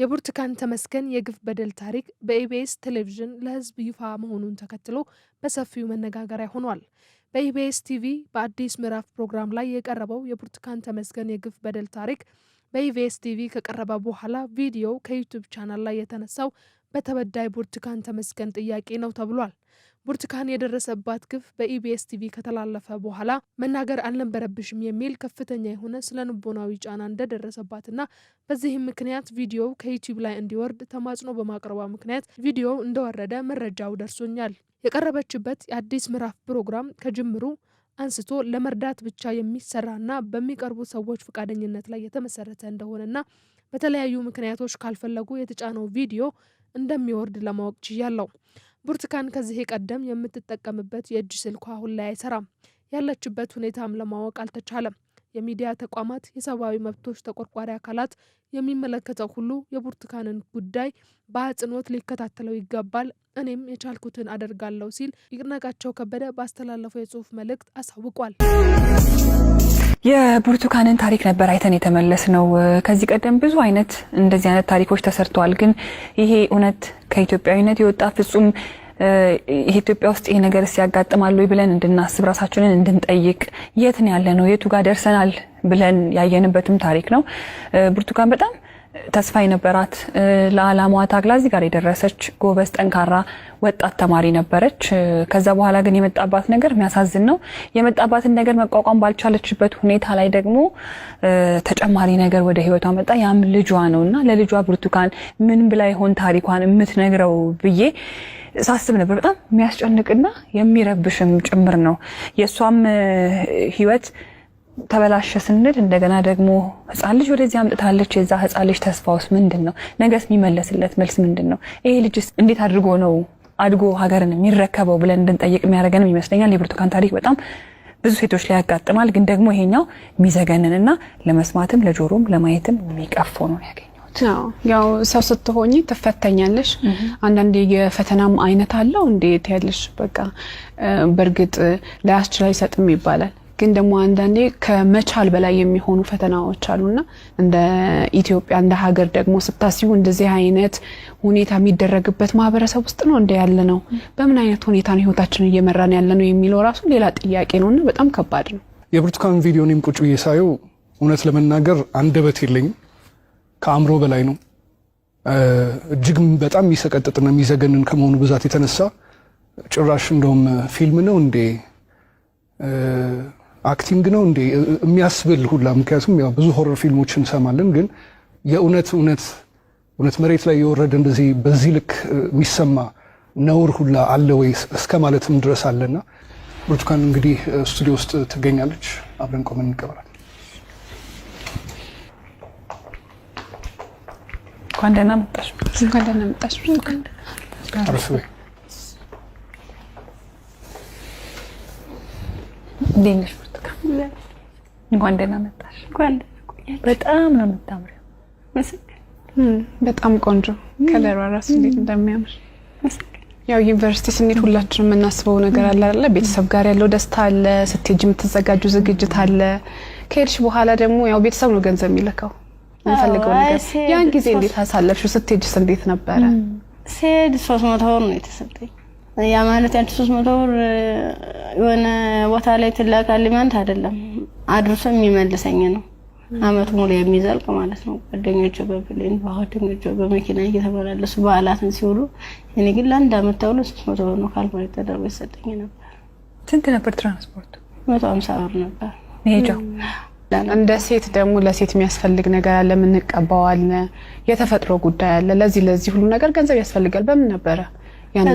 የብርቱካን ተመስገን የግፍ በደል ታሪክ በኢቢኤስ ቴሌቪዥን ለህዝብ ይፋ መሆኑን ተከትሎ በሰፊው መነጋገሪያ ሆኗል። በኢቢኤስ ቲቪ በአዲስ ምዕራፍ ፕሮግራም ላይ የቀረበው የብርቱካን ተመስገን የግፍ በደል ታሪክ በኢቢኤስ ቲቪ ከቀረበ በኋላ ቪዲዮው ከዩቱብ ቻናል ላይ የተነሳው በተበዳይ ብርቱካን ተመስገን ጥያቄ ነው ተብሏል። ብርቱካን የደረሰባት ግፍ በኢቢኤስ ቲቪ ከተላለፈ በኋላ መናገር አልነበረብሽም የሚል ከፍተኛ የሆነ ስነ ልቦናዊ ጫና እንደደረሰባትና በዚህም ምክንያት ቪዲዮው ከዩቲዩብ ላይ እንዲወርድ ተማጽኖ በማቅረቧ ምክንያት ቪዲዮው እንደወረደ መረጃው ደርሶኛል። የቀረበችበት የአዲስ ምዕራፍ ፕሮግራም ከጅምሩ አንስቶ ለመርዳት ብቻ የሚሰራና በሚቀርቡ ሰዎች ፈቃደኝነት ላይ የተመሰረተ እንደሆነና በተለያዩ ምክንያቶች ካልፈለጉ የተጫነው ቪዲዮ እንደሚወርድ ለማወቅ ችያለው። ብርቱካን ከዚህ ቀደም የምትጠቀምበት የእጅ ስልኳ አሁን ላይ አይሰራም። ያለችበት ሁኔታም ለማወቅ አልተቻለም። የሚዲያ ተቋማት፣ የሰብአዊ መብቶች ተቆርቋሪ አካላት፣ የሚመለከተው ሁሉ የብርቱካንን ጉዳይ በአጽንኦት ሊከታተለው ይገባል። እኔም የቻልኩትን አደርጋለሁ ሲል ይድነቃቸው ከበደ ባስተላለፈው የጽሁፍ መልእክት አሳውቋል። የብርቱካንን ታሪክ ነበር አይተን የተመለስ ነው። ከዚህ ቀደም ብዙ አይነት እንደዚህ አይነት ታሪኮች ተሰርተዋል። ግን ይሄ እውነት ከኢትዮጵያዊነት የወጣ ፍጹም ኢትዮጵያ ውስጥ ይሄ ነገር ሲያጋጥማሉ ወይ ብለን እንድናስብ ራሳችንን እንድንጠይቅ የትን ያለ ነው የቱ ጋር ደርሰናል ብለን ያየንበትም ታሪክ ነው። ብርቱካን በጣም ተስፋ የነበራት ለዓላማዋ ታግላ እዚህ ጋር የደረሰች ጎበዝ፣ ጠንካራ ወጣት ተማሪ ነበረች። ከዛ በኋላ ግን የመጣባት ነገር የሚያሳዝን ነው። የመጣባትን ነገር መቋቋም ባልቻለችበት ሁኔታ ላይ ደግሞ ተጨማሪ ነገር ወደ ሕይወቷ መጣ። ያም ልጇ ነው እና ለልጇ ብርቱካን ምን ብላ ይሆን ታሪኳን የምትነግረው ብዬ ሳስብ ነበር። በጣም የሚያስጨንቅና የሚረብሽም ጭምር ነው የእሷም ሕይወት ተበላሸ ስንል እንደገና ደግሞ ህፃን ልጅ ወደዚህ አምጥታለች። የዛ ህፃን ልጅ ውስጥ ምንድን ነው? ነገስ የሚመለስለት መልስ ምንድን ነው? ይሄ ልጅስ እንዴት አድርጎ ነው አድጎ ሀገርን የሚረከበው ብለን እንድንጠይቅ የሚያደርገንም ይመስለኛል። የብርቱካን ታሪክ በጣም ብዙ ሴቶች ላይ ያጋጥማል። ግን ደግሞ ይሄኛው የሚዘገንንና ለመስማትም ለጆሮም ለማየትም የሚቀፎ ነው ያገኘው። ያው ሰው ስትሆኝ ትፈተኛለሽ። አንዳንዴ የፈተናም አይነት አለው እንዴት ያለሽ በቃ በእርግጥ ላያስችል አይሰጥም ይባላል ግን ደግሞ አንዳንዴ ከመቻል በላይ የሚሆኑ ፈተናዎች አሉና እንደ ኢትዮጵያ እንደ ሀገር ደግሞ ስታስቡ እንደዚህ አይነት ሁኔታ የሚደረግበት ማህበረሰብ ውስጥ ነው እንደ ያለ ነው። በምን አይነት ሁኔታ ነው ህይወታችንን እየመራን ያለ ነው የሚለው ራሱ ሌላ ጥያቄ ነውና በጣም ከባድ ነው። የብርቱካን ቪዲዮ እኔም ቁጭ ብዬ ሳየው እውነት ለመናገር አንደበት የለኝም፣ ከአእምሮ በላይ ነው። እጅግም በጣም የሚሰቀጥጥና የሚዘገንን ከመሆኑ ብዛት የተነሳ ጭራሽ እንደውም ፊልም ነው እንዴ አክቲንግ ነው እንዴ የሚያስብል ሁላ። ምክንያቱም ያው ብዙ ሆረር ፊልሞች እንሰማለን፣ ግን የእውነት እውነት እውነት መሬት ላይ የወረደ እንደዚህ በዚህ ልክ የሚሰማ ነውር ሁላ አለ ወይ እስከ ማለትም ድረስ አለና ብርቱካን እንግዲህ ስቱዲዮ ውስጥ ትገኛለች። አብረን ቆመን እንቀበላል። እንኳን ደህና መጣሽ። እንኳን ደህና መጣሽ። እንዴት ነሽ? እንኳን ደህና መጣሽ። እንኳን ደህና ቆያችሁ። በጣም ነው የምታምሪው። በጣም ቆንጆ ከለሯ ራሱ እንዴት እንደሚያምር ያው ዩኒቨርሲቲ ስንሄድ የምናስበው ነገር አለ ቤተሰብ ጋር ያለው ደስታ አለ፣ ስትሄጂ የምትዘጋጁ ዝግጅት አለ። ከሄድሽ በኋላ ደግሞ ያው ቤተሰብ ነው ገንዘብ የሚልከው የምፈልገው ነገር። ያን ጊዜ እንዴት አሳለፍሽው? እንዴት ነበረ? ስሄድ ሶስት መቶ ብር ነው የተሰጠኝ። ያ ማለት ያንቺ ሶስት መቶ ብር የሆነ ቦታ ላይ ትላቅ አሊመንት አይደለም አድርሶ የሚመልሰኝ ነው። አመት ሙሉ የሚዘልቅ ማለት ነው። ጓደኞቹ በብሌን ጓደኞቹ በመኪና እየተመላለሱ በዓላትን ሲውሉ፣ እኔ ግን ለአንድ አመት ተብሎ ሶስት መቶ ብር ነው ካልሆነ ተደርጎ ይሰጠኝ ነበር። ስንት ነበር ትራንስፖርቱ? መቶ ሀምሳ ብር ነበር መሄጃው። እንደ ሴት ደግሞ ለሴት የሚያስፈልግ ነገር አለ፣ የምንቀባው አለ፣ የተፈጥሮ ጉዳይ አለ። ለዚህ ለዚህ ሁሉ ነገር ገንዘብ ያስፈልጋል። በምን ነበረ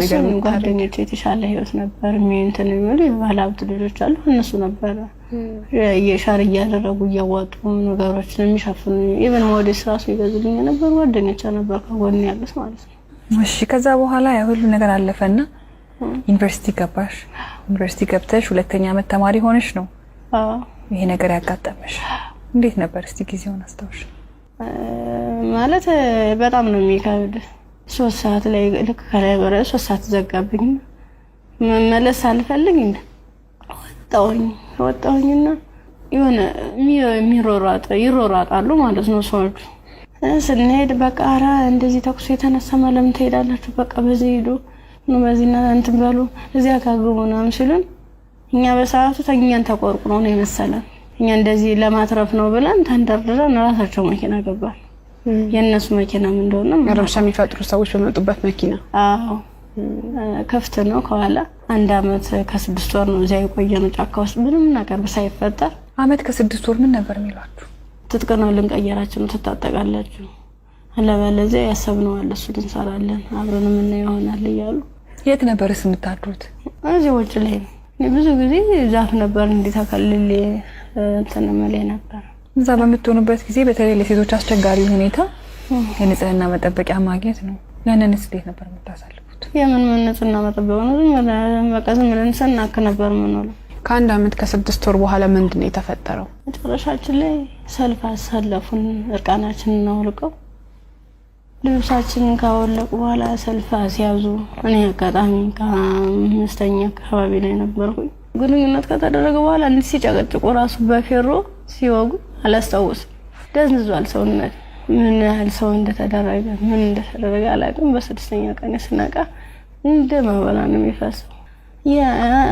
እሱም ጓደኞች የተሻለ ህይወት ነበር እንትን የሚሉ ልጆች አሉ። እነሱ ነበረ የሻር እያደረጉ እያዋጡ ነገሮችን የሚሸፍኑ ኢቨን ሞዴስ ራሱ ይገዙልኝ የነበሩ ጓደኞቻ ነበር ከጎን ያሉት ማለት ነው። እሺ ከዛ በኋላ ያ ሁሉ ነገር አለፈና ዩኒቨርሲቲ ገባሽ። ዩኒቨርሲቲ ገብተሽ ሁለተኛ አመት ተማሪ ሆነሽ ነው ይሄ ነገር ያጋጠመሽ። እንዴት ነበር እስቲ ጊዜውን አስታውሽ? ማለት በጣም ነው የሚከብድ ሶስት ሰዓት ላይ ልክ ከላይ በረ ሶስት ሰዓት ዘጋብኝ። መመለስ አልፈልግ ወጣሁኝ ወጣሁኝና የሆነ የሚሮራጥ ይሮራጣሉ ማለት ነው ሰዎቹ። ስንሄድ በቃ ኧረ እንደዚህ ተኩስ የተነሳ ለምን ትሄዳላችሁ? በቃ በዚህ ሂዱ በዚህና እንትን በሉ እዚያ ካግቡ ምናምን ሲሉን እኛ በሰዓቱ ተኛን ተቆርቁሮ ነው የመሰለን እኛ እንደዚህ ለማትረፍ ነው ብለን ተንደርድረን ራሳቸው መኪና ገባል። የእነሱ መኪናም እንደሆነ ረብሻ የሚፈጥሩ ሰዎች በመጡበት መኪና አዎ ክፍት ነው ከኋላ። አንድ አመት ከስድስት ወር ነው እዚያ የቆየ ነው ጫካ ውስጥ ምንም ነገር ሳይፈጠር። አመት ከስድስት ወር ምን ነበር የሚሏችሁ? ትጥቅ ነው ልንቀየራችሁ ነው ትታጠቃላችሁ፣ አለበለዚያ ያሰብነዋል፣ እሱን እንሰራለን፣ አብረን ምና ይሆናል እያሉ። የት ነበርስ የምታድሩት? እዚህ ውጭ ላይ ነው። ብዙ ጊዜ ዛፍ ነበር እንዲተከልል እንትን እምልህ ነበር እዛ በምትሆኑበት ጊዜ በተለይ ለሴቶች አስቸጋሪ ሁኔታ የንጽህና መጠበቂያ ማግኘት ነው። ያንን እንዴት ነበር የምታሳልፉት? የምን ምን ንጽህና መጠበቅ ነው? በቃ ዝም ብለን ስናክ ነበር ምንውለው። ከአንድ አመት ከስድስት ወር በኋላ ምንድን ነው የተፈጠረው? መጨረሻችን ላይ ሰልፍ አሳለፉን። እርቃናችን እናውልቀው ልብሳችን ካወለቁ በኋላ ሰልፍ አስያዙ። እኔ አጋጣሚ ከአምስተኛ አካባቢ ላይ ነበርኩኝ። ግንኙነት ከተደረገ በኋላ እንዲህ ሲጨቀጭቁ ራሱ በፌሮ ሲወጉ አላስታውስም። ደንዝዟል ሰውነት ምን ያህል ሰው እንደተደረገ ምን እንደተደረገ አላውቅም። በስድስተኛ ቀን ስነቃ እንደ መበላ ነው የሚፈሰው።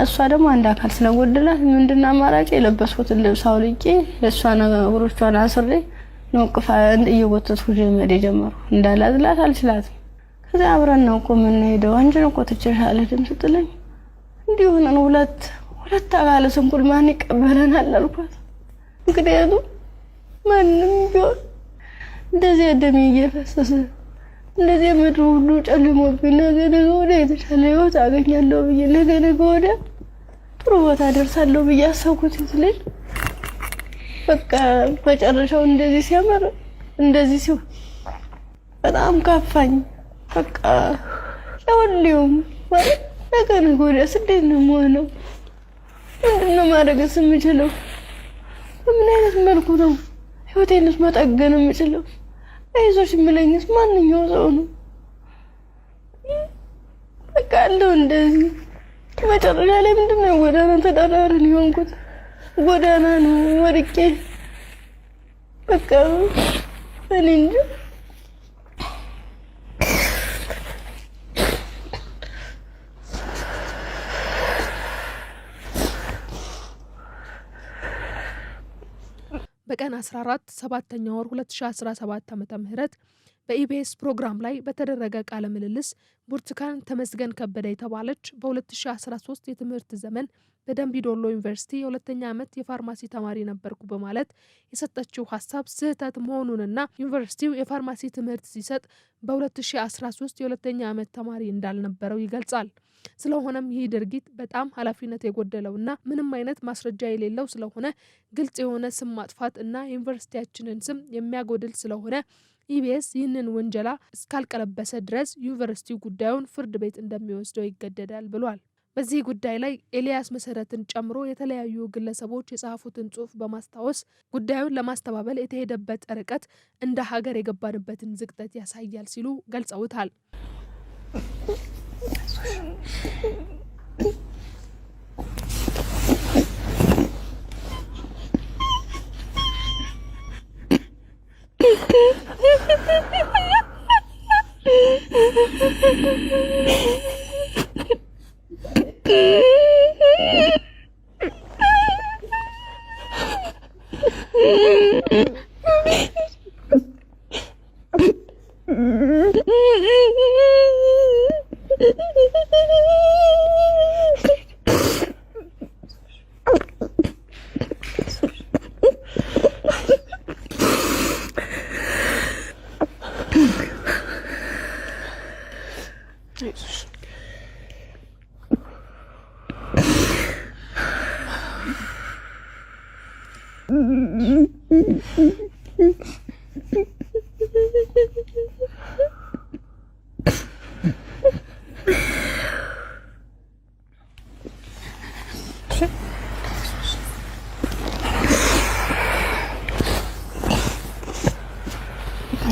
እሷ ደግሞ አንድ አካል ስለጎደላት ምንድን አማራጭ የለበስኩትን ልብስ አውልቄ እሷ ነገሮቿን አስሬ ነቅፋ ቅፋ እየጎተትኩ መሄድ የጀመሩ እንዳላዝላት አልችላትም። ከዚ አብረን ነው እኮ የምንሄደው አንቺን እኮ ትችላለህ ድምፅ ስጥልኝ እንዲሁ ሆነን ሁለት ሁለት አካለ ስንኩል ማን ይቀበለናል አልኳት። ምክንያቱም ማንም ቢሆን እንደዚህ ደሜ እየፈሰሰ እንደዚያ ምድር ሁሉ ጨልሞብኝ ነገ ነገ ወዲያ የተሻለ ህይወት አገኛለሁ ብዬ ነገ ነገ ወዲያ ጥሩ ቦታ ደርሳለሁ ብዬ አሰብኩት ልጅ በቃ መጨረሻው እንደዚህ ሲያምር እንደዚህ ሲሆን በጣም ካፋኝ። በቃ ለሁሌውም ማለት ነገ ነገ ወዲያስ እንዴት ነው የምሆነው? ምንድን ነው ማድረግስ የምችለው? በምን አይነት መልኩ ነው ህይወቴንስ መጠገን የምችለው አይዞሽ የምለኝስ ማንኛው ሰው ነው። በቃ አለው እንደዚህ መጨረሻ ላይ ምንድን ነው ጎዳና ተዳዳሪን የሆንኩት ጎዳና ነው ወድቄ በቃ እኔ እንጃ ቀን 14 7 ወር 2017 ዓ ም በኢቢኤስ ፕሮግራም ላይ በተደረገ ቃለ ምልልስ ብርቱካን ተመስገን ከበደ የተባለች በ2013 የትምህርት ዘመን በደምቢዶሎ ዩኒቨርሲቲ የሁለተኛ ዓመት የፋርማሲ ተማሪ ነበርኩ በማለት የሰጠችው ሀሳብ ስህተት መሆኑንና ዩኒቨርሲቲው የፋርማሲ ትምህርት ሲሰጥ በ2013 የሁለተኛ ዓመት ተማሪ እንዳልነበረው ይገልጻል። ስለሆነም ይህ ድርጊት በጣም ኃላፊነት እና ምንም አይነት ማስረጃ የሌለው ስለሆነ ግልጽ የሆነ ስም ማጥፋት እና ዩኒቨርሲቲያችንን ስም የሚያጎድል ስለሆነ ኢቢኤስ ይህንን ውንጀላ እስካልቀለበሰ ድረስ ዩኒቨርሲቲው ጉዳዩን ፍርድ ቤት እንደሚወስደው ይገደዳል ብሏል። በዚህ ጉዳይ ላይ ኤልያስ መሰረትን ጨምሮ የተለያዩ ግለሰቦች የጻፉትን ጽሑፍ በማስታወስ ጉዳዩን ለማስተባበል የተሄደበት ርቀት እንደ ሀገር የገባንበትን ዝቅጠት ያሳያል ሲሉ ገልጸውታል። Mm-hmm.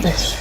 this.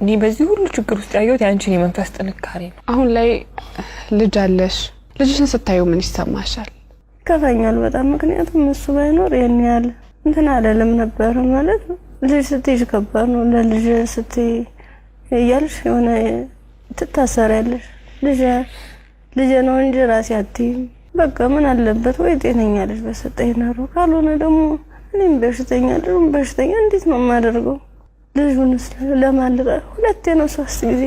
እኔ በዚህ ሁሉ ችግር ውስጥ ያየሁት የአንቺን የመንፈስ ጥንካሬ ነው። አሁን ላይ ልጅ አለሽ። ልጅሽን ስታየው ምን ይሰማሻል? ይከፋኛል በጣም ምክንያቱም እሱ ባይኖር ይህን ያለ እንትን አለልም ነበር ማለት ነው። ልጅ ስትይ ከባድ ነው። ለልጅ ስትይ እያልሽ የሆነ ትታሰሪያለሽ። ልጅ ነው እንጂ ራሴ አትይም። በቃ ምን አለበት ወይ ጤነኛ ልጅ በሰጠኝ ኖሮ፣ ካልሆነ ደግሞ እኔም በሽተኛ ልጅም በሽተኛ እንዴት ነው የማደርገው? ልጁን ለማልቀ ሁለቴ ነው ሶስት ጊዜ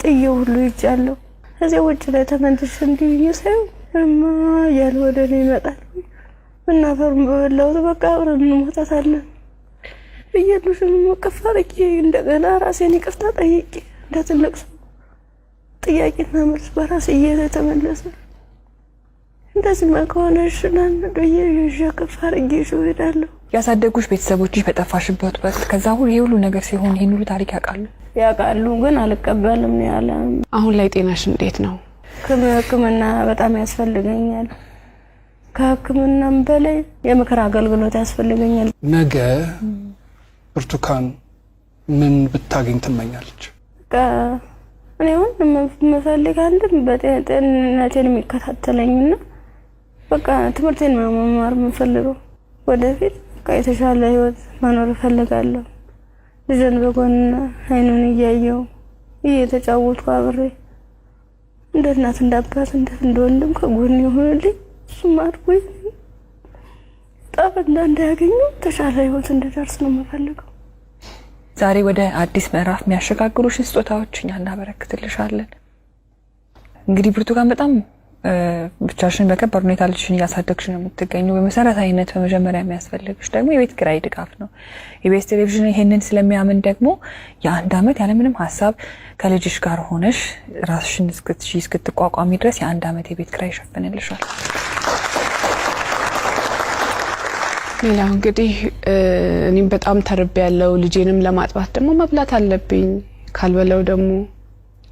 ጥዬ ሁሉ ይጃለሁ። ከዚያ ውጭ ላይ ተመንትሽ እንዲሁ እየሳዩ እማ እያለ ወደ እኔ ይመጣል። ምናፈሩን በበላሁት በቃ አብረን እንሞታታለን እያሉሽን መቀፍ አድርጌ እንደገና ራሴን ይቅርታ ጠይቄ እንደ ትልቅ ሰው ጥያቄና መልስ በራሴ እየተመለሰ እንደዚህ ከሆነ ሽናን ዶየ ያሳደጉሽ ቤተሰቦችሽ በጠፋሽበት ወቅት ከዛ ሁሉ የሁሉ ነገር ሲሆን ይህን ሁሉ ታሪክ ያውቃሉ ያውቃሉ፣ ግን አልቀበልም ያለ። አሁን ላይ ጤናሽ እንዴት ነው? ሕክምና በጣም ያስፈልገኛል። ከሕክምናም በላይ የምክር አገልግሎት ያስፈልገኛል። ነገ ብርቱካን ምን ብታገኝ ትመኛለች? እኔ አሁን የምፈልግ አንድም በጤንነቴን የሚከታተለኝና በቃ ትምህርቴን ነው መማር የምፈልገው። ወደፊት በቃ የተሻለ ህይወት መኖር እፈልጋለሁ። ልጅን በጎንና አይኑን እያየው እየተጫወትኩ አብሬ እንደ እናት እንዳባት እንደት እንደወንድም ከጎን የሆኑልኝ ወይ ጣፈት እንዳያገኙ የተሻለ ህይወት እንድደርስ ነው የምፈልገው። ዛሬ ወደ አዲስ ምዕራፍ የሚያሸጋግሩሽን ስጦታዎች እኛ እናበረክትልሻለን። እንግዲህ ብርቱካን በጣም ብቻሽን በከባድ ሁኔታ ልጅሽን እያሳደግሽ ነው የምትገኙ። በመሰረታዊነት በመጀመሪያ የሚያስፈልግሽ ደግሞ የቤት ኪራይ ድጋፍ ነው። ኢቢኤስ ቴሌቪዥን ይሄንን ስለሚያምን ደግሞ የአንድ ዓመት ያለምንም ሀሳብ ከልጅሽ ጋር ሆነሽ ራስሽን እስክትቋቋሚ ድረስ የአንድ ዓመት የቤት ኪራይ ይሸፍንልሻል። ሌላው እንግዲህ እኔም በጣም ተርቤ ያለው ልጄንም ለማጥባት ደግሞ መብላት አለብኝ ካልበለው ደግሞ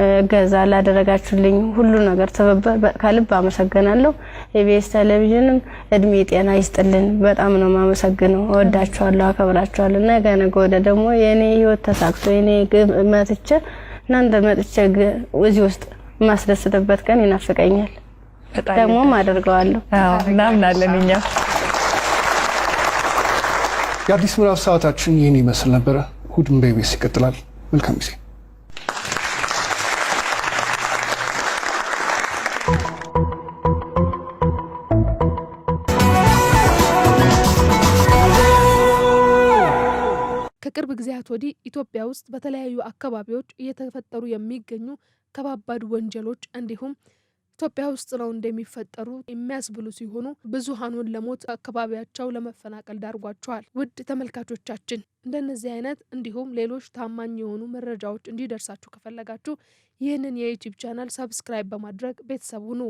እገዛ ላደረጋችሁልኝ ሁሉ ነገር ከልብ አመሰግናለሁ። ኢቢኤስ ቴሌቪዥንም እድሜ ጤና ይስጥልን። በጣም ነው ማመሰግነው። እወዳችኋለሁ፣ አከብራችኋለሁ። ነገ ነገ ወደ ደግሞ የእኔ ህይወት ተሳክቶ የኔ መጥቼ እናንተ መጥቼ እዚህ ውስጥ የማስደስትበት ቀን ይናፍቀኛል። ደግሞም አደርገዋለሁ። እናምናለን እኛ የአዲስ ምዕራፍ ሰዓታችን ይህን ይመስል ነበረ። እሑድም በኢቢኤስ ይቀጥላል። መልካም ጊዜ ከቅርብ ጊዜያት ወዲህ ኢትዮጵያ ውስጥ በተለያዩ አካባቢዎች እየተፈጠሩ የሚገኙ ከባባድ ወንጀሎች እንዲሁም ኢትዮጵያ ውስጥ ነው እንደሚፈጠሩ የሚያስብሉ ሲሆኑ ብዙሀኑን ለሞት አካባቢያቸው ለመፈናቀል ዳርጓቸዋል። ውድ ተመልካቾቻችን እንደነዚህ አይነት እንዲሁም ሌሎች ታማኝ የሆኑ መረጃዎች እንዲደርሳችሁ ከፈለጋችሁ ይህንን የዩቲዩብ ቻናል ሰብስክራይብ በማድረግ ቤተሰብ ሁኑ።